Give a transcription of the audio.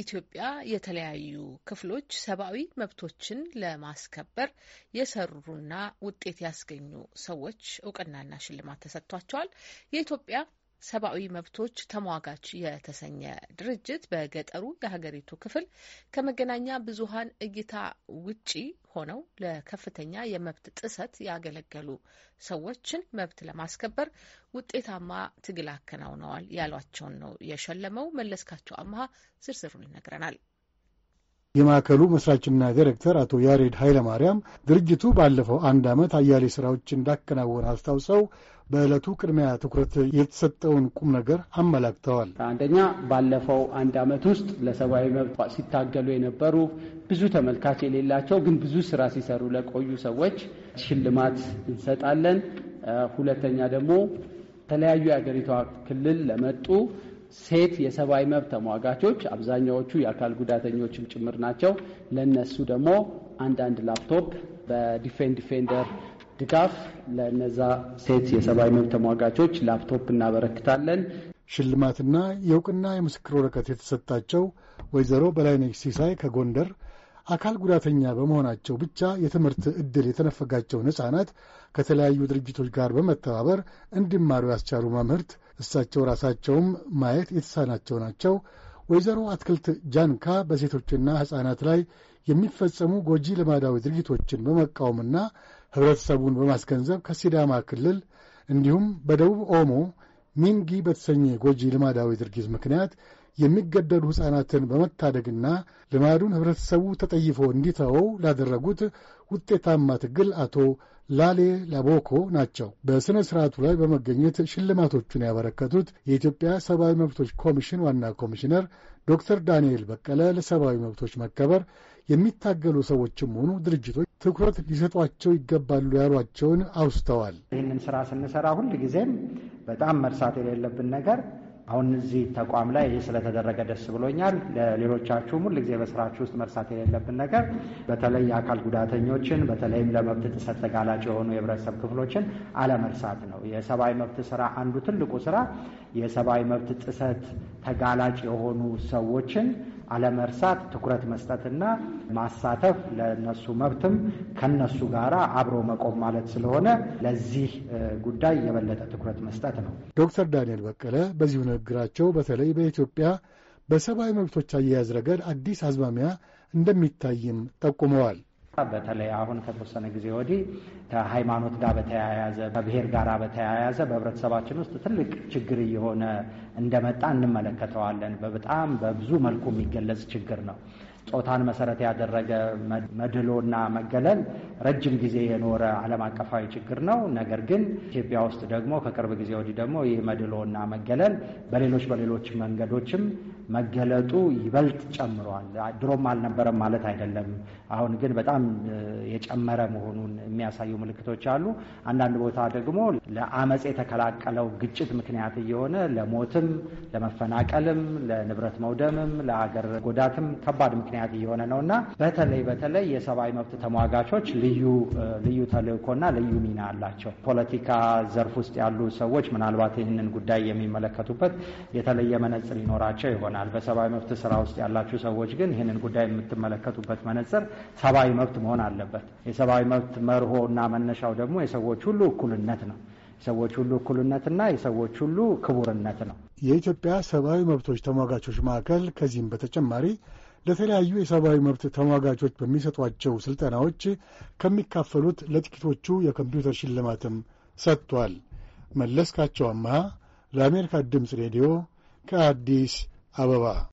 በኢትዮጵያ የተለያዩ ክፍሎች ሰብአዊ መብቶችን ለማስከበር የሰሩና ውጤት ያስገኙ ሰዎች እውቅናና ሽልማት ተሰጥቷቸዋል። የኢትዮጵያ ሰብአዊ መብቶች ተሟጋች የተሰኘ ድርጅት በገጠሩ የሀገሪቱ ክፍል ከመገናኛ ብዙኃን እይታ ውጪ ሆነው ለከፍተኛ የመብት ጥሰት ያገለገሉ ሰዎችን መብት ለማስከበር ውጤታማ ትግል አከናውነዋል ያሏቸውን ነው የሸለመው። መለስካቸው አምሃ ዝርዝሩን ይነግረናል። የማዕከሉ መስራችና ዲሬክተር አቶ ያሬድ ኃይለማርያም ድርጅቱ ባለፈው አንድ ዓመት አያሌ ሥራዎች እንዳከናወነ አስታውሰው በዕለቱ ቅድሚያ ትኩረት የተሰጠውን ቁም ነገር አመላክተዋል። አንደኛ ባለፈው አንድ ዓመት ውስጥ ለሰብአዊ መብት ሲታገሉ የነበሩ ብዙ ተመልካች የሌላቸው ግን ብዙ ስራ ሲሰሩ ለቆዩ ሰዎች ሽልማት እንሰጣለን። ሁለተኛ ደግሞ የተለያዩ የአገሪቷ ክልል ለመጡ ሴት የሰብአዊ መብት ተሟጋቾች አብዛኛዎቹ የአካል ጉዳተኞችም ጭምር ናቸው። ለነሱ ደግሞ አንዳንድ ላፕቶፕ በዲፌን ዲፌንደር ድጋፍ ለነዛ ሴት የሰብአዊ መብት ተሟጋቾች ላፕቶፕ እናበረክታለን። ሽልማትና የእውቅና የምስክር ወረቀት የተሰጣቸው ወይዘሮ በላይነሽ ሲሳይ ከጎንደር አካል ጉዳተኛ በመሆናቸው ብቻ የትምህርት ዕድል የተነፈጋቸውን ሕፃናት ከተለያዩ ድርጅቶች ጋር በመተባበር እንዲማሩ ያስቻሉ መምህርት እሳቸው ራሳቸውም ማየት የተሳናቸው ናቸው። ወይዘሮ አትክልት ጃንካ በሴቶችና ሕፃናት ላይ የሚፈጸሙ ጎጂ ልማዳዊ ድርጊቶችን በመቃወምና ኅብረተሰቡን በማስገንዘብ ከሲዳማ ክልል እንዲሁም በደቡብ ኦሞ ሚንጊ በተሰኘ ጎጂ ልማዳዊ ድርጊት ምክንያት የሚገደሉ ሕፃናትን በመታደግና ልማዱን ኅብረተሰቡ ተጠይፎ እንዲተወው ላደረጉት ውጤታማ ትግል አቶ ላሌ ላቦኮ ናቸው። በሥነ ሥርዓቱ ላይ በመገኘት ሽልማቶቹን ያበረከቱት የኢትዮጵያ ሰብአዊ መብቶች ኮሚሽን ዋና ኮሚሽነር ዶክተር ዳንኤል በቀለ ለሰብአዊ መብቶች መከበር የሚታገሉ ሰዎችም ሆኑ ድርጅቶች ትኩረት ሊሰጧቸው ይገባሉ ያሏቸውን አውስተዋል። ይህንን ስራ ስንሰራ ጊዜም በጣም መርሳት የሌለብን ነገር አሁን እዚህ ተቋም ላይ ይህ ስለተደረገ ደስ ብሎኛል። ለሌሎቻችሁም ጊዜ በስራችሁ ውስጥ መርሳት የሌለብን ነገር በተለይ የአካል ጉዳተኞችን በተለይም ለመብት ጥሰት ተጋላጭ የሆኑ የህብረተሰብ ክፍሎችን አለመርሳት ነው። የሰብአዊ መብት ስራ አንዱ ትልቁ ስራ የሰብአዊ መብት ጥሰት ተጋላጭ የሆኑ ሰዎችን አለመርሳት፣ ትኩረት መስጠትና ማሳተፍ ለነሱ መብትም ከነሱ ጋር አብሮ መቆም ማለት ስለሆነ ለዚህ ጉዳይ የበለጠ ትኩረት መስጠት ነው። ዶክተር ዳንኤል በቀለ በዚሁ ንግግራቸው በተለይ በኢትዮጵያ በሰብአዊ መብቶች አያያዝ ረገድ አዲስ አዝማሚያ እንደሚታይም ጠቁመዋል። በተለይ አሁን ከተወሰነ ጊዜ ወዲህ ከሃይማኖት ጋር በተያያዘ ከብሔር ጋር በተያያዘ በህብረተሰባችን ውስጥ ትልቅ ችግር እየሆነ እንደመጣ እንመለከተዋለን። በጣም በብዙ መልኩ የሚገለጽ ችግር ነው። ጾታን መሰረት ያደረገ መድሎና መገለል ረጅም ጊዜ የኖረ ዓለም አቀፋዊ ችግር ነው። ነገር ግን ኢትዮጵያ ውስጥ ደግሞ ከቅርብ ጊዜ ወዲህ ደግሞ ይህ መድሎና መገለል በሌሎች በሌሎች መንገዶችም መገለጡ ይበልጥ ጨምሯል። ድሮም አልነበረም ማለት አይደለም። አሁን ግን በጣም የጨመረ መሆኑን የሚያሳዩ ምልክቶች አሉ። አንዳንድ ቦታ ደግሞ ለአመፅ የተከላቀለው ግጭት ምክንያት እየሆነ ለሞትም፣ ለመፈናቀልም፣ ለንብረት መውደምም፣ ለሀገር ጎዳትም ከባድ ምክንያት እየሆነ ነው እና በተለይ በተለይ የሰብአዊ መብት ተሟጋቾች ልዩ ልዩ ተልእኮና ልዩ ሚና አላቸው። ፖለቲካ ዘርፍ ውስጥ ያሉ ሰዎች ምናልባት ይህንን ጉዳይ የሚመለከቱበት የተለየ መነጽር ይኖራቸው ይሆናል። ይሆናል። በሰብአዊ መብት ስራ ውስጥ ያላችሁ ሰዎች ግን ይህንን ጉዳይ የምትመለከቱበት መነጽር ሰብአዊ መብት መሆን አለበት። የሰብአዊ መብት መርሆ እና መነሻው ደግሞ የሰዎች ሁሉ እኩልነት ነው። የሰዎች ሁሉ እኩልነትና የሰዎች ሁሉ ክቡርነት ነው። የኢትዮጵያ ሰብአዊ መብቶች ተሟጋቾች ማዕከል ከዚህም በተጨማሪ ለተለያዩ የሰብአዊ መብት ተሟጋቾች በሚሰጧቸው ስልጠናዎች ከሚካፈሉት ለጥቂቶቹ የኮምፒውተር ሽልማትም ሰጥቷል። መለስካቸው አምሃ ለአሜሪካ ድምፅ ሬዲዮ ከአዲስ አበባ